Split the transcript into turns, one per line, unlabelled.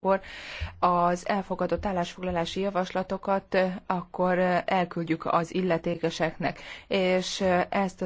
akkor az elfogadott állásfoglalási javaslatokat eh, akkor eh, elküldjük az illetékeseknek, és eh, ezt